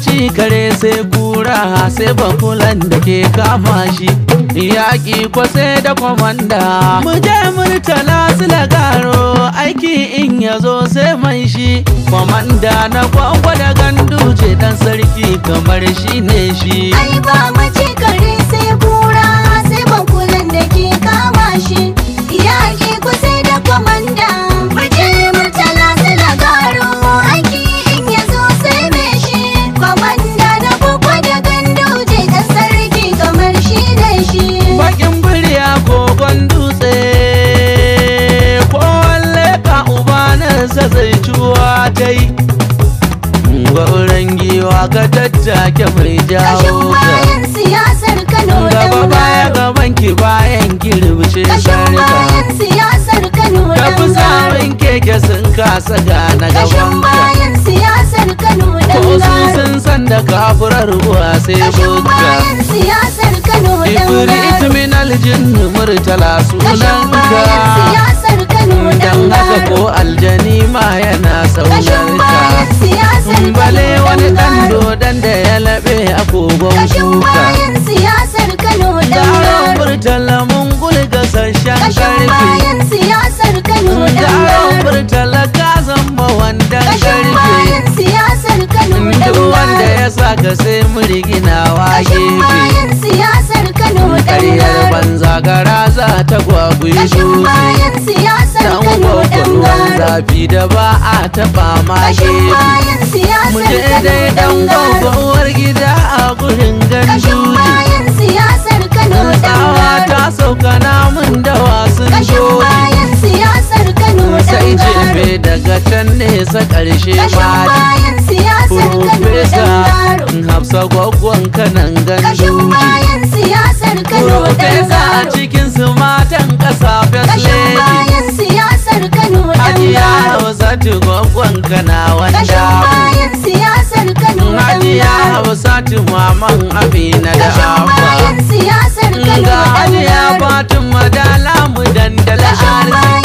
ci kare sai kura sai bakulan da ke kama shi yaƙi ko sai da kwamanda mu je murtala su lagaro aiki in ya zo sai mai shi kwamanda na da gandu ce dan sarki kamar shi ne shi ai ba lalabe a kogon shuka bayan siyasar Kano dan furtala gulga sashen karfi bayan siyasar Kano dan Garon furtala bayan siyasar Kano dan wanda ya saka sai mu riginawa gefe bayan siyasar banza gara za ta gwagwi shuɗi bayan siyasar Kano zafi da ba a taɓa ma bayan siyasar Kano dan dan gwagwar gida a gurin gan shuɗi bayan siyasar Kano ta sauka namun dawa sun bayan ai jebe daga can nesa ƙarshe mali Profesa Hafsa gwaggon kanan gandu Profesa a cikin su matan ƙasa First Lady Hajiya Hausatu gwaggon kana wanda Hajiya Hausatu maman Amina da Abba Ga Hajiya Fatima da Lamu dandala arziki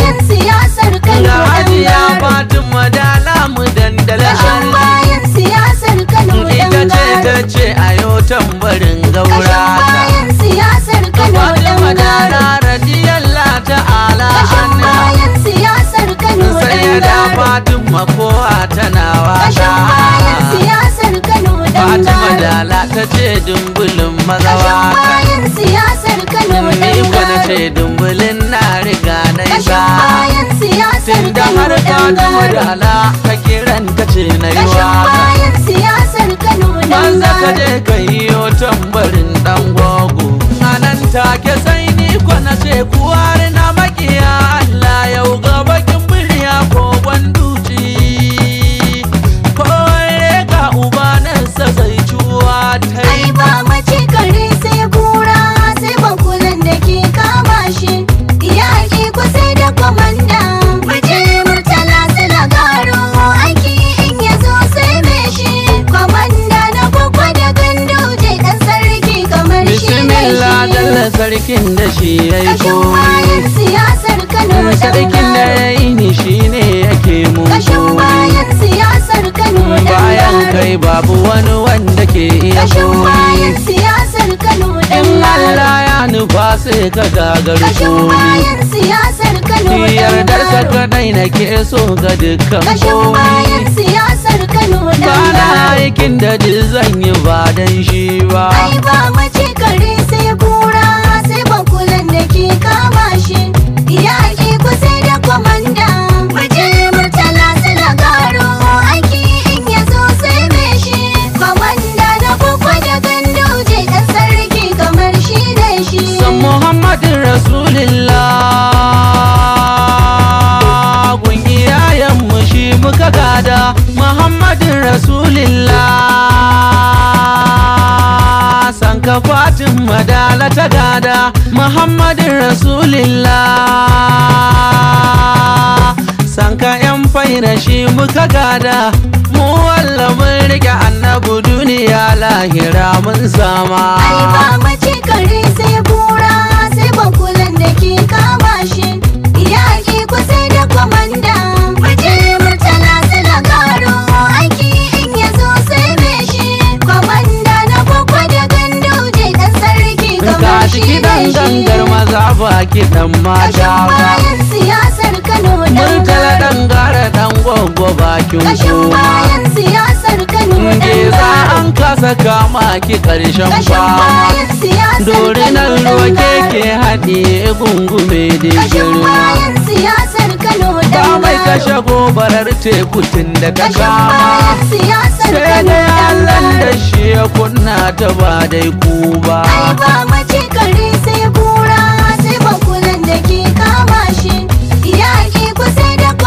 adamu da ala ka kiran ka ce na yi wa bayan siyasar kano nan ka je ka yi tambarin dan gogo a take sarkin da shi ya yi siyasar kano sarkin da ya yi ni shi ne yake mu bayan siyasar kano bayan kai babu wani wanda ke iya komai siyasar kano in Allah ya nufa sai ka gagar komai siyasar kano yardar sa kadai nake so ga dukkan komai da muhammadin rasulillah sanka fatin madala ta gada muhammadin rasulillah sanka yan faira shi muka gada mu walla mun rike annabu duniya lahira mun zama. ai ba mace kare sai bura sai bakulan da ke kama shi 'yan mata bayan siyasar Kano dan kala dan gara dan gongo bakin su bayan siyasar Kano dan za an kasa kama ki karshen fama Dore nan roke ke haɗe gungume da girma Ba mai kashe gobarar teku tun da ka kama Sai da yalan da shi ya kunna ta ba dai ku ba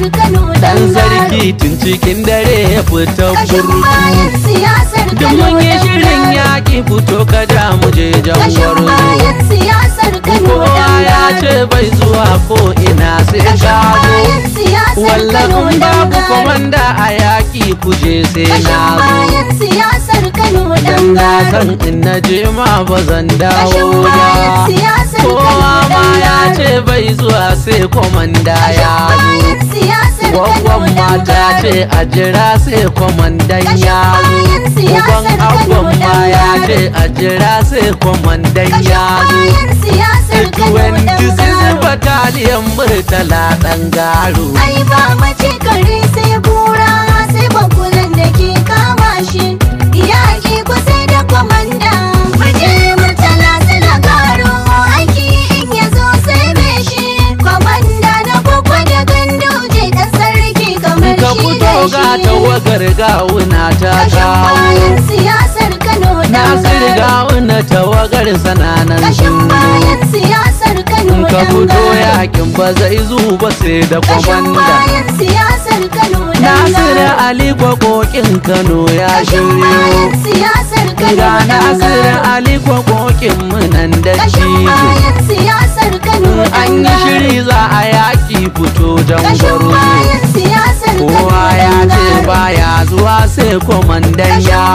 siyasar Kano dan sarki tun cikin dare ya fita burku da mun yi shirin yaƙi fito kada mu je jangwaro kowa ya ce bai zuwa ko ina sai gago wallafin babu komanda a yaƙi kuje sai na zo na san in na je ma ba zan dawo ya kowa ma ya ce bai zuwa sai komanda ya zo gwaggon mata ce a jira sai komandan ya zo uban abuwan ma ya ce a jira sai komandan ya zo 20 bataliyan murtala ɗan garo tawagar gawuna ta kawo siyasar Kano da tawagar sananan sun bayan siyasar Kano ka fito yakin ba zai zuba sai da kwamanda bayan siyasar Kano Ali Kano ya shiryo siyasar Kano da Nasir Ali munan da shi bayan an yi shiri za a yaki fito don gwaro sai kwamandan ya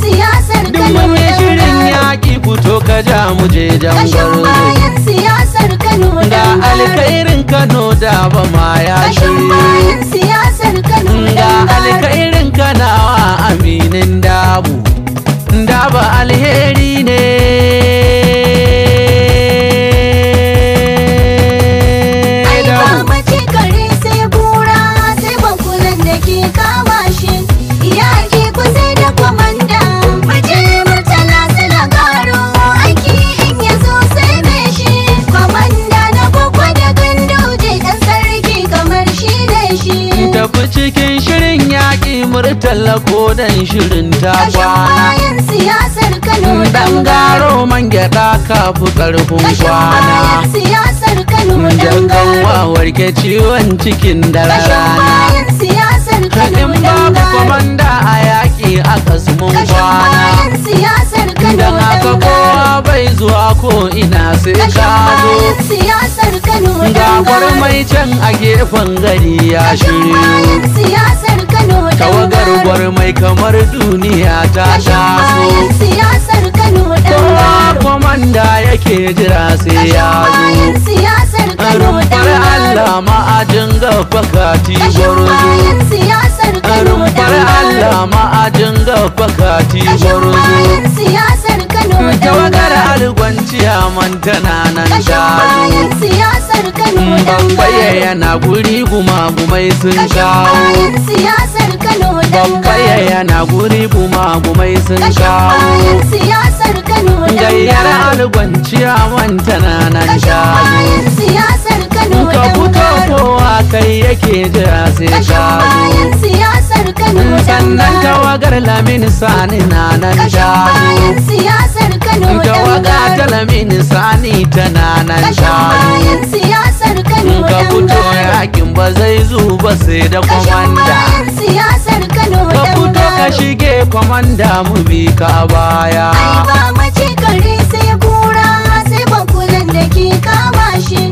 zo duk mai yi shirin yaƙi fito ka ja mu je jangar da alkairin kano da ba ma ya shi da alkhairin kanawa aminin dabu da ba alheri ne gada ka fi ƙarfin kwana siyasar Kano dan warke ciwon cikin da rana babu komanda a yaƙi a kasumin kwana dan haka kowa bai zuwa ko ina sai ka zo siyasar Kano mai can a gefen gari ya shiryo siyasar Kano dan mai kamar duniya ta taso gafakati gwarzo rumfar Allah ma ma'ajin gafakati gwarzo tawagar algwanciya man tana nan dazo bambaya yana guri guma gumagumai sun shawo bambaya yana guri guma gumagumai sun shawo gayyar algwanciya man tana nan dazo Kano da kowa kai yake jira sai ka bayan siyasar Kano sannan tawagar Lamini Sani na nan shago siyasar Kano tawaga ta Lamini Sani tana nan shago bayan siyasar Kano ka fito yakin ba zai zuba sai da komanda siyasar Kano ka fito ka shige komanda mu bi ka baya ai ba mace kare sai kura sai bakulan da ke kama shi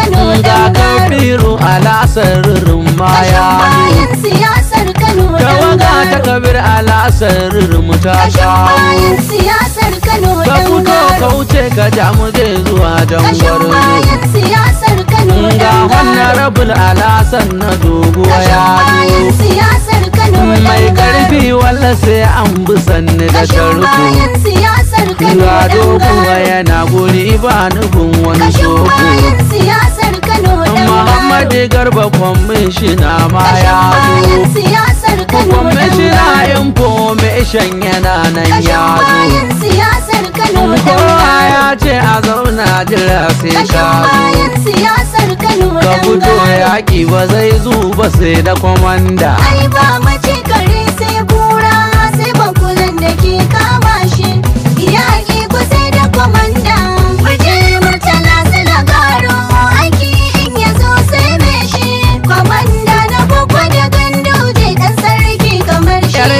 Kano da Kabiru ala sararin maya bayan siyasar Kano ta kabir ala sararin mutaka bayan siyasar Kano Ka fito ka wuce ka jamu zai zuwa dangwaro bayan siyasar Kano Ga wannan rabul ala san na doguwa ya mai karfi wala sai an bi sanni da tarko gado waya na guri ba nufin wani soko Muhammadu Garba kwamishina ma ya zo kwamishina information yana nan ya zo kowa ya ce a zauna jira sai ka zo ka fito yaƙi ba zai zuba sai da kwamanda Ai ba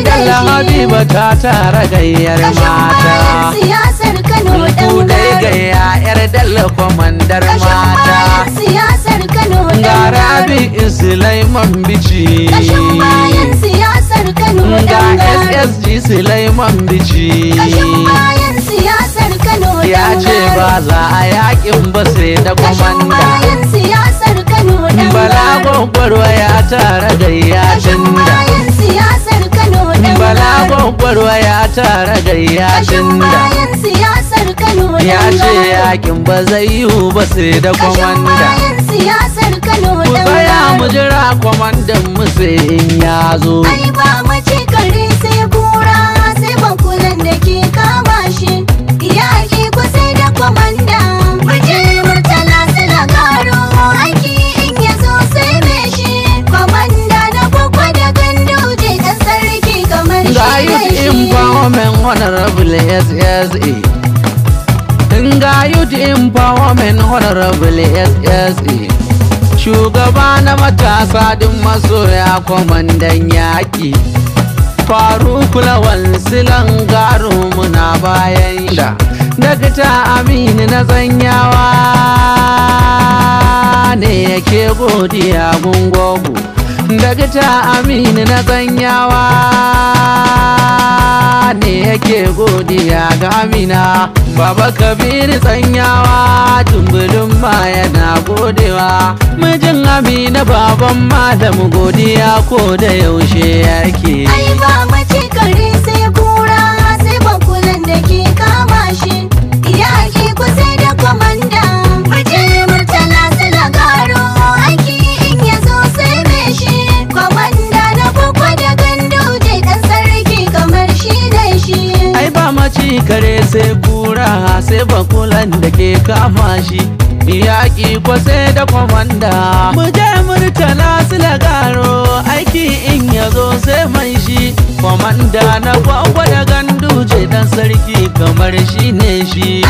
dalla habiba ta tara gayyar mata siyasar kano dan gayya yar dalla komandar mata siyasar kano dan rabi sulaiman bici siyasar kano dan ssg sulaiman bici siyasar kano ya ce ba za a yakin ba sai da komanda siyasar kano dan bala gwagwarwa ya tara gayyacin ruwa ya tara gayya da siyasar Kano ya ce yakin ba zai yiwu ba sai da kwamanda siyasar Kano ku tsaya mu jira kwamandan mu sai in ya zo ai ba ci kare sai kura sai bakulan da ke kama shi yaki ku sai da kwamanda honorable SSA shugaba na matasa din masoya kwamandan yaƙi faru kulawal silan garinmu na bayan da dakta amini na zanyawa ne yake godiya gungogu daga ta aminu na tsanyawa ne yake godiya ga amina baba kabiru tsanyawa tumbulin ma yana godewa mijin amina baban malam godiya ko da yaushe yake ai kama shi yaƙi kwase da kwamanda mu je murtala su lagaro aiki in ya zo sai mai shi kwamanda na gwagwa da ganduje dan sarki kamar shi ne shi